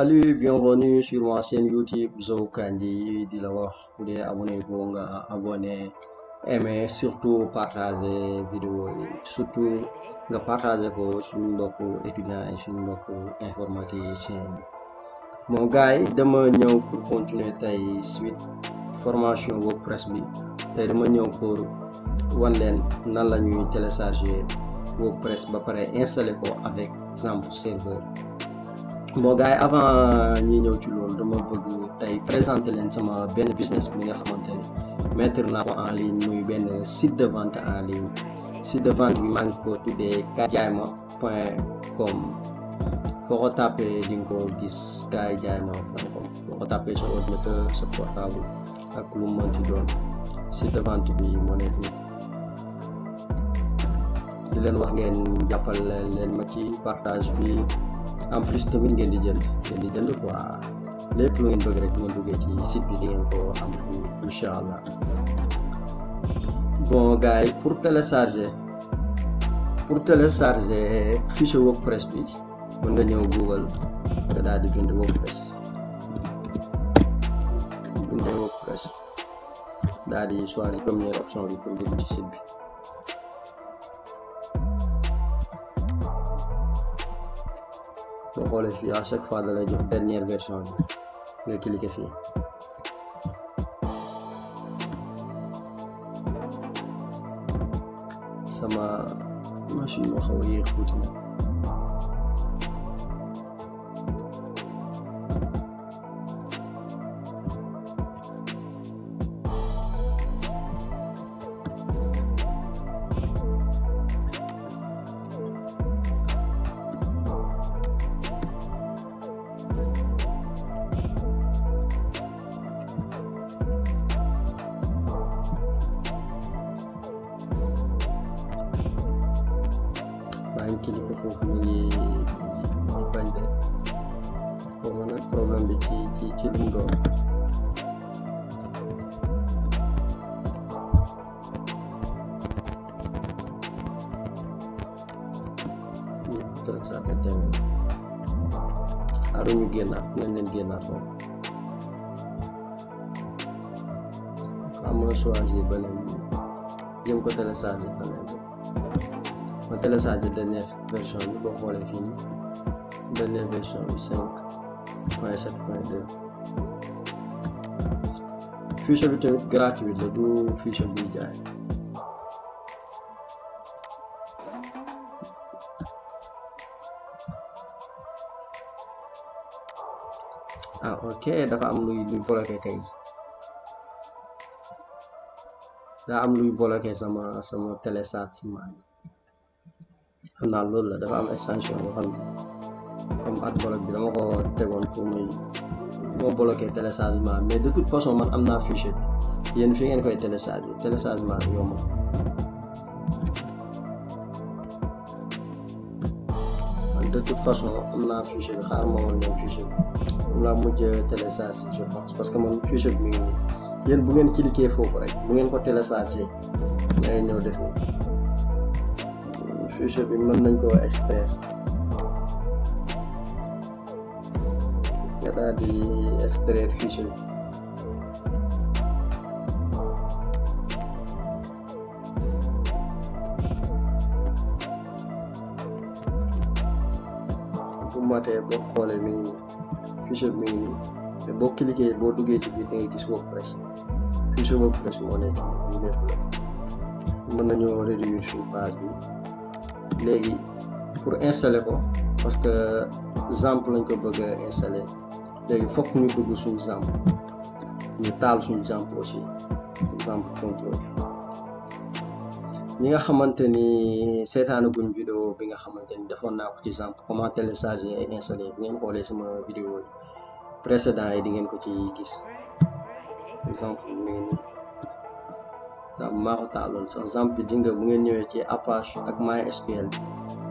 Salut, bienvenue sur ma chaîne YouTube Zo di la wax bu dee abonné ko nga abonné surtout partager vidéo surtout nga partager ko suñu mbokku étudiant et suñu mbokku informaticien bon gars dama ñëw pour continuer tey suite formation WordPress bi tey dama ñëw pour wan nan la ñuy télécharger WordPress ba pare installer ko avec Xampp serveur moo gars yi avant ñuy ñëw ci loolu dama bëgg tey présenter leen sama benn business bi nga xamante ne mettre naa ko en ligne muy benn sit de vente en ligne site de vente bi maa ngi ko tuddee kaayjaayma point com foo ko tapee di nga ko gis kaayjaayma point com foo ko tapee sa ordinateur ak lu mu mënti doon site de vente bi moo nii di leen wax ngeen jàppal leen ma ci partage bi. en plus tamit ngeen di jënd ngeen di jënd quoi lépp lu ngeen bëgg rek ngeen duggee ci site bi di ko am incha allah bon gars yi pour télécharger pour télécharger fichier WordPress bi mën nga ñëw Google nga daal di bind WordPress bindee WordPress daal choisir première option bi pour dugg ci site bi. soo xoolee fii à chaque fois da lay jox dernière version bi nga cliquer fii sama machine moo xaw a yéex tuuti bàyyi kilifa foofu mu ngi ñu bañ de xaw ma nag problème bi ci ci ci lu mu doon aru ñu génnaat nañ leen génnaat moom am na choisir beneen jëm ko télécharger feneen ba télécharger dernière version bi boo xoolee fii nii dernière version bi 5 point bi tamit gratuit la du fichier buy ah ok dafa am luy luy bloqué kay daa am luy bloqué sama sama téléchargement xam naa loolu la dafa am extension boo xam ne comme ad block bi dama ko tegoon pour muy moo bloqué téléchargement mais de toute façon man am naa fichier bi yéen fi ngeen koy télécharger téléchargement bi ma de toute façon am naa fichier bi xaar ma woon leen fichier bi am naa mujj télécharge je pense parce que man fichier bi mi ngi nii yéen bu ngeen cliquer foofu rek bu ngeen ko télécharger ngay ñëw def nii future bi mën nañ koo extraire nga daal di extraire future bi bu matee boo xoolee mi ngi nii fichier bi mi ngi nii te boo cliquer boo duggee ci biir da ngay gis WordPress fichier WordPress moo nekk nii mën nañoo réduire suñu page bi léegi pour installer ko parce que ZAMP lañ ko bëgg a installer léegi fokk ñu dugg suñu ZAMP ñu taal suñu ZAMP aussi ZAMP control ñi nga xamante ni seetaanaguñ vidéo bi nga xamante ni defoon naa ko ci ZAMP comment télécharger et installer bu ngeen xoolee sama vidéo yi précédent yi di ngeen ko ci gis ZAMP mu maa ko taaloon sax exemple di nga bu ngeen ñëwee ci Apache ak MySQL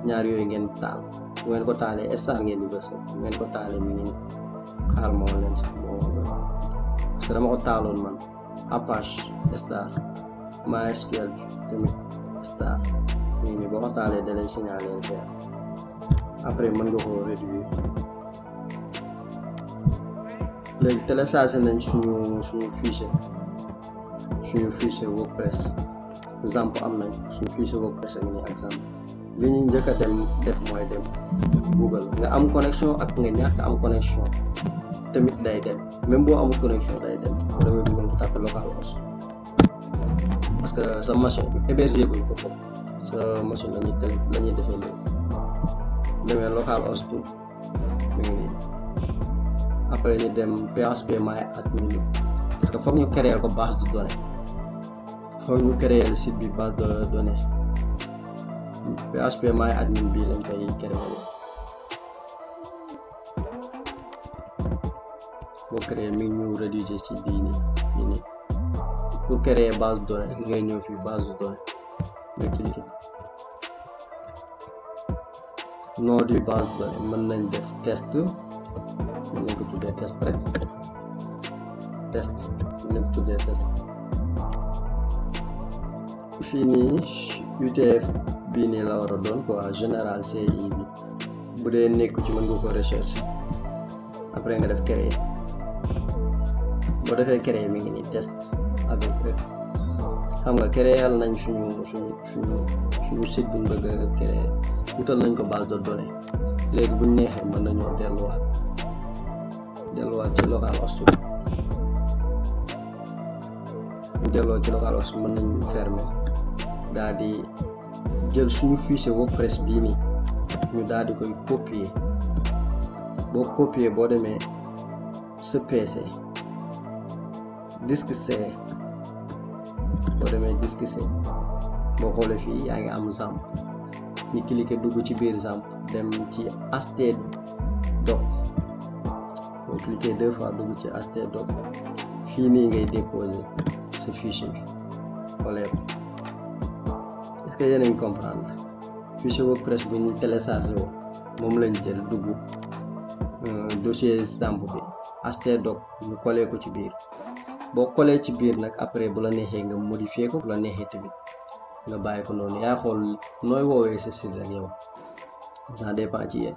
ñaar yooyu ngeen taal bu ngeen ko taalee star ngeen di bës bu ngeen ko taalee mi ngi ma woon leen sax moo woon parce que dama ko taaloon man Apache star MySQL tamit star nii nii boo ko taalee da lay suñu fichier WordPress exemple am nañ suñu fichier WordPress ak nii exemple li ñuy njëkk a dem def mooy dem Google nga am connexion ak nga ñàkk am connexion tamit day dem même boo amul connexion day dem boo demee Google nga tàppe local host parce que sa machine hébergé guñ ko foofu sa machine lañuy tel la ñuy defee léegi demee local host mi ngi nii après ñu dem PHP my admin parce que foog ñu créer ko base de données foog ñu créer site bi base de données PHP bi lañ koy créer boo créer mi ngi ñu rédiger site bii nii pour créer base de données ngay ñëw fii base de données nga di base de mën nañ def test mën nañ tuddee test rek test mën nañ ko tuddee test fii nii UTF bii nii la war a doon quoi général CI bi bu dee nekku ci mën nga ko recherche après nga def créer boo defee créer mi ngi nii test avec e. xam nga créer yàlla nañ suñu suñu suñu buñ bëgg a wutal nañ ko base de données léegi buñ neexee mën nañoo delluwaat delluwaat ci localhost bi delloo ci localhost mën nañu fermer daal di jël suñu fichier WordPress bii nii ñu daal di koy copier boo copier boo demee sa PC disque boo demee disque C boo xoolee fii yaa ngi am Xampp ñu cliquer dugg ci biir Xampp dem ci htdoc boo cliquer deux fois dugg ci htdoc fii nii ngay déposer sa fichier bi xoolee que yéen comprendre fichier presse bu ñu téléchargé woo moom lañ jël dugg euh, dossier stamp bi htdoc ñu kolee ko ci biir boo collé ci biir nag après bu la neexee nga modifier ko bu la neexee tamit nga bàyyi ko noonu yaa xool nooy woowee sa site rek yow ça dépend ci yéen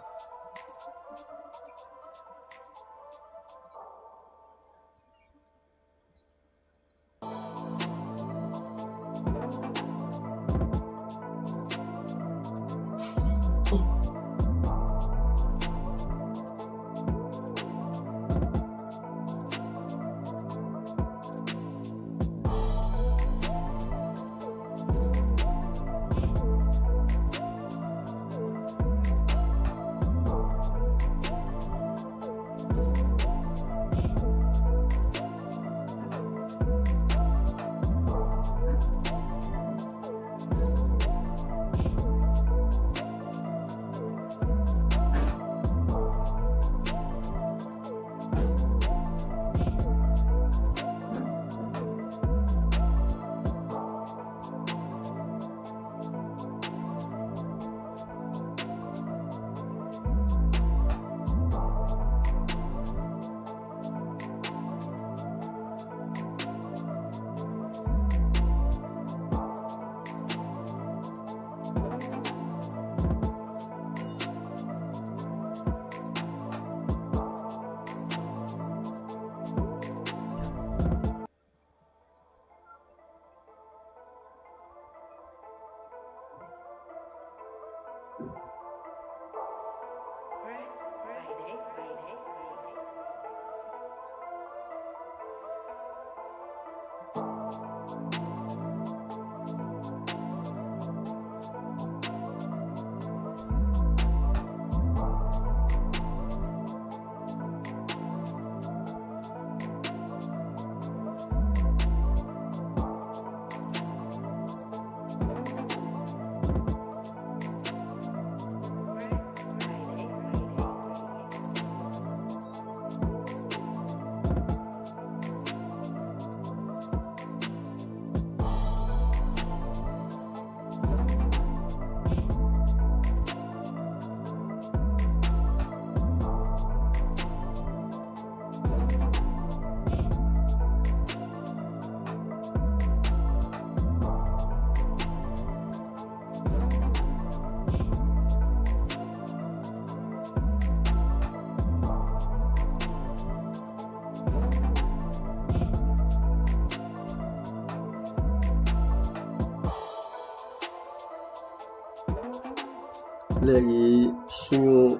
léegi suñu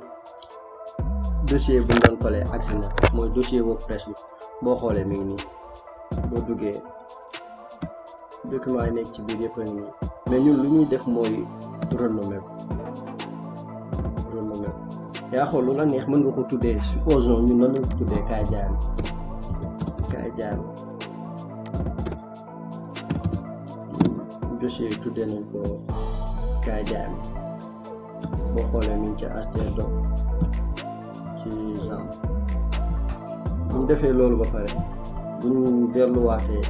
dossier bu ñu doon coller agsi na mooy dossier WordPress bi boo xoolee mi ngi nii boo duggee document yi nekk ci biir yëpp nii mais ñun lu ñuy def mooy renommer ko renommer ko yaa xool lu la neex mën nga ko tuddee supposons ñun nan lañ ko tuddee kaay jaami kaay jaami dossier tuddee nañ ko kaay jaami boo xoolee mi ngi ci acheter donc ci genre bu defee loolu ba pare bu ñu delluwaatee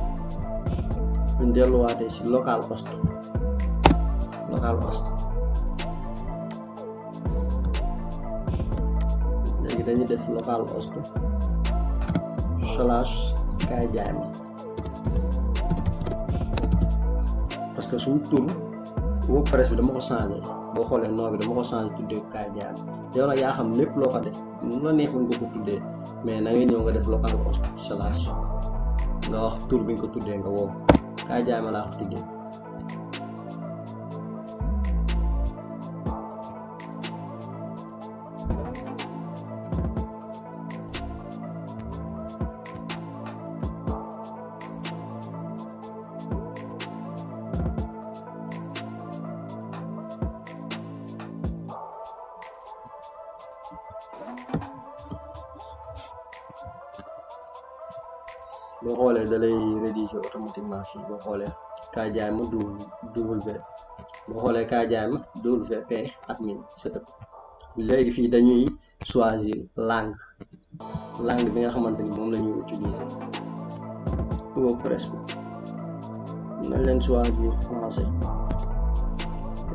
bu si local host local host léegi dañuy def local host slash kaay jaay parce que suñu tur. wóob presse bi dama ko changé boo xoolee noo bi dama ko changé tuddee ko Kaay nag yaa xam lépp loo ko def mu la neexoon nga ko tuddee mais na ngay ñëw nga def local constellation nga wax tur bi nga ko tuddee nga woo Kaay Diané laa ko tuddee. boo xoolee da lay rédiger automatiquement fii boo xoolee kaay jaay ma double double V boo xoolee kaay jaay ma double VP admin setup léegi fii dañuy choisir langue langue bi nga xamante ni moom la ñuy utiliser WordPress bi nañ leen choisir français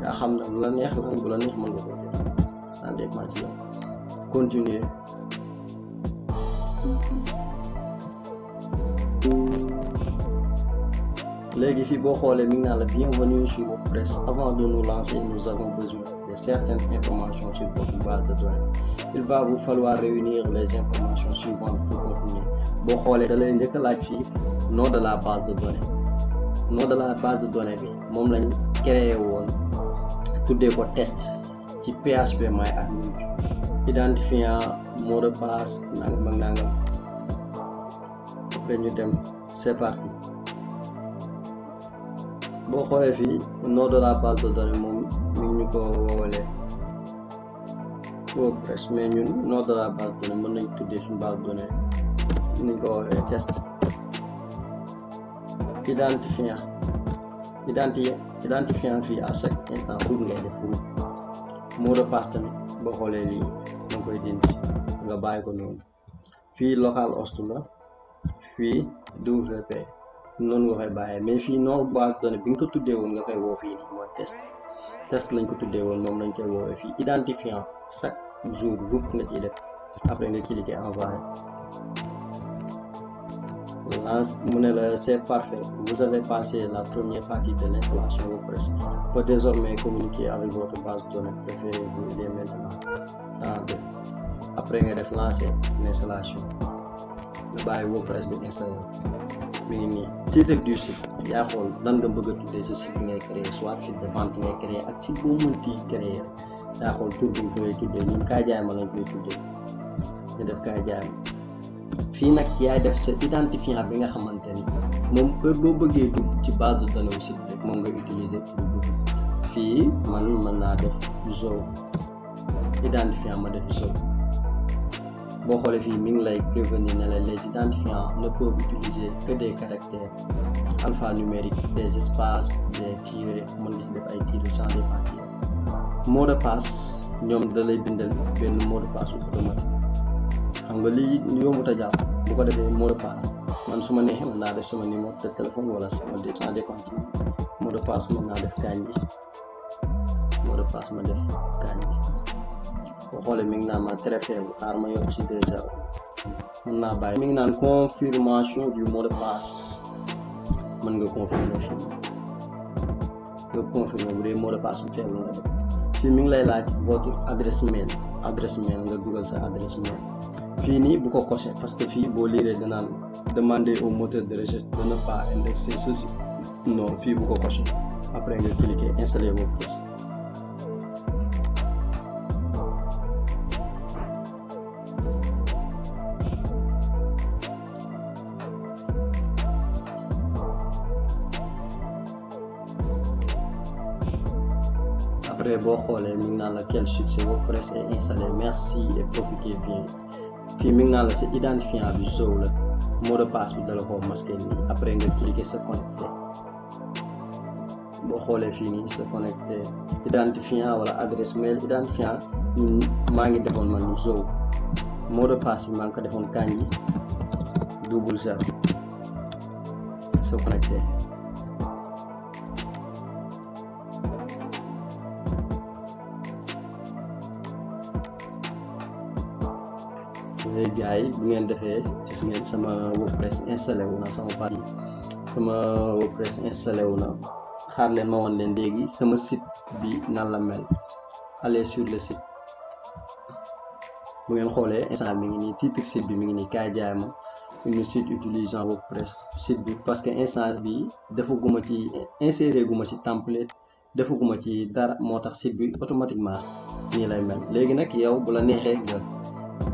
yaa xam na la neex lan bu la neex mën nga continuer léegi fii boo xoolee mi ngi naan la bienvenue sur vos presse avant de nous lancer nous avons besoin de certaines informations sur votre base de données il va vous falloir réunir les informations suivantes pour continuer boo xoolee da lay njëkk a laaj fii nom de la base de données nom de la base de données moom lañ créé woon tuddee ko test ci PHP may admin bi identifiant mot de passe nangam ak nangam après ñu dem c'est boo xoolee fii nom de la base de moom ñu ñu ko woowalee mais ñun nom de la mën nañ tuddee suñu base de données ni ñu ko woowee test identifiant identifié identifiant fii à chaque instant pour ngay def pour de passe boo xoolee lii da koy dindi nga bàyyi ko noonu fii local host la fii WP noonu nga koy mais fii non base données bi nga ko tuddee woon nga koy woo fii nii mooy test test lañ ko tuddee woon moom lañ koy woowee fii identifiant chaque jour groupe nga ciy def après nga cliqué envoyé lance mu ne la c'est parfait vous avez passé la première partie de l'installation WordPress peut désormais communiquer avec votre base de données préférée après nga def lancer l'installation nga bàyyi WordPress bi installé mi ngi nii titre du site yaa xool lan nga bëgg a tuddee si site bi ngay créer soit site de ngay créer ak site boo mënti créer yaa xool tur bi nga koy tuddee ñun kaay ma lañ koy tuddee nga def kaay fii nag yaay def sa identifiant bi nga xamante ni moom heure boo bëggee dugg ci base de données site rek moom nga utiliser pour dugg fii man mën naa def zo identifiant ma def zo. boo xoolee fii mi ngi lay prévenir ne la les identifiants ne peuvent utiliser que des caractères alphanumériques des espaces des tirets mën nga si def ay tirets sans départir mot de passe ñoom dalay lay bindal benn mot de passe automatique xam nga lii jàpp bu ko defee mot de man su ma neexee mën naa def sama numéro de téléphone wala sama sans départir mot de passe mën naa def kanji mot de passe ma def kanji boo xoolee mi ngi naan ma très faible xaar ma yokk si deux zéro naa bàyyi mi ngi naan confirmation du mot de passe mën nga confirmer fii nga confirmer bu bu faible mi ngi lay laaj votre adresse mail adresse mail nga dugal sa adresse mail fii nii bu ko coché parce que fii boo liiree danaan demander au moteur de recherche de ne pas indexer ceci non fii bu ko coché après nga cliquer installer vos boo xoolee mi ngi naan la quel succès vos presse est installé merci et profitez bien fii mi ngi naan la sa identifiant bi Zow la mot de passe bi dala koo masqué nii après nga cliquer se connecter boo xoolee fii nii se connecter identifiant wala adresse mail identifiant maa ngi defoon man Zow mot de passe bi maa ngi ko defoon kanji double zero se connecter ne gars yi bu ngeen defee su ngeen sama WordPress installé wu na sama page sama WordPress installé wu na xaar leen ma woon leen léegi sama site bi nan la mel aller sur le site bu ngeen xoolee instant mi ngi nii titre site bi mi ngi nii kaay jaay ma une site utilisant WordPress site bi parce que instant bi defaguma ci insérer guma ci template defaguma ci dara moo tax site bi automatiquement nii lay mel léegi nag yow bu la neexee nga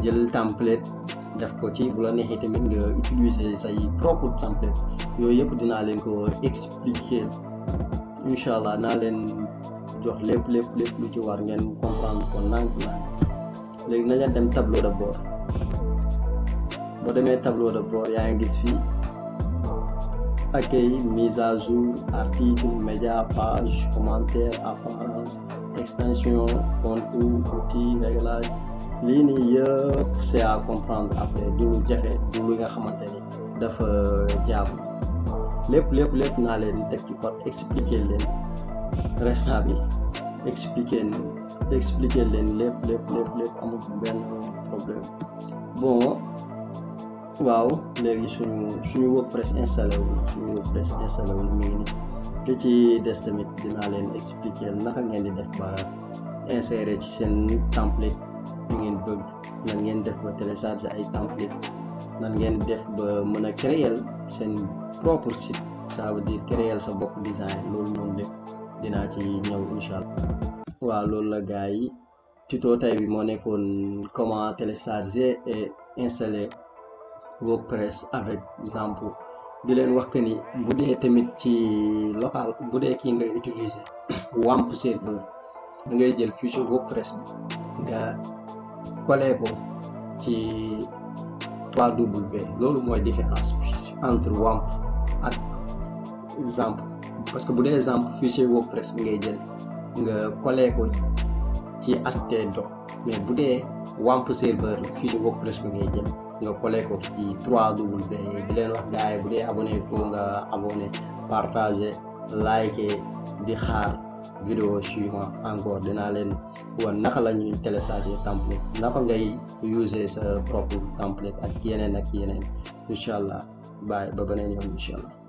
jël template def ko ci bu la neexee tamit nga utiliser say propre template yooyu yëpp dinaa leen ko expliquer incha allah naa leen jox lépp lépp lépp lu ci war ngeen comprendre ko nank naa léegi nañu dem tableau de bord boo demee tableau de bord yaa ngi gis fii accueil mise à jour article média page commentaire apparence extension contenu outil réglage lii nii yëpp c'est à comprendre après du jafe du li nga xamante ni dafa jaabu lépp lépp lépp naa leen teg ci code expliquer leen restant bi expliquer leen expliquer leen lépp lépp lépp lépp amul benn problème bon waaw léegi suñu suñu WordPress installé wu suñu WordPress installé wu mu ngi nii li ci des tamit naa leen expliquer naka ngeen di def ba insérer ci seen template li ngeen bëgg nan ngeen def ba télécharger ay template nan ngeen def ba mën a créer seen propre site ça veut dire créer sa bopp design loolu noonu lépp dinaa ci ñëw incha allah waaw loolu la gars yi tuto bi moo nekkoon comment télécharger et installer WordPress avec Jampo di leen wax que ni bu dee tamit ci local bu dee kii ngay utiliser WAMP serveur da ngay jël fichier WordPress nga collé ko ci 3W loolu mooy différence entre WAMP ak XAMPP parce que bu dee XAMPP fichier WordPress bi ngay jël nga collé ko ci htdoc mais bu dee WAMP serveur fichier WordPress bi ngay jël nga collé ko ci trois w di leen wax gars yi bu dee abonné ko nga abonné partage liker di xaar. vidéo suivant encore dinaa leen wan naka la ñuy télécharger template naka ngay user sa propre template ak yeneen ak yeneen incha allah bàyyi ba beneen yoon incha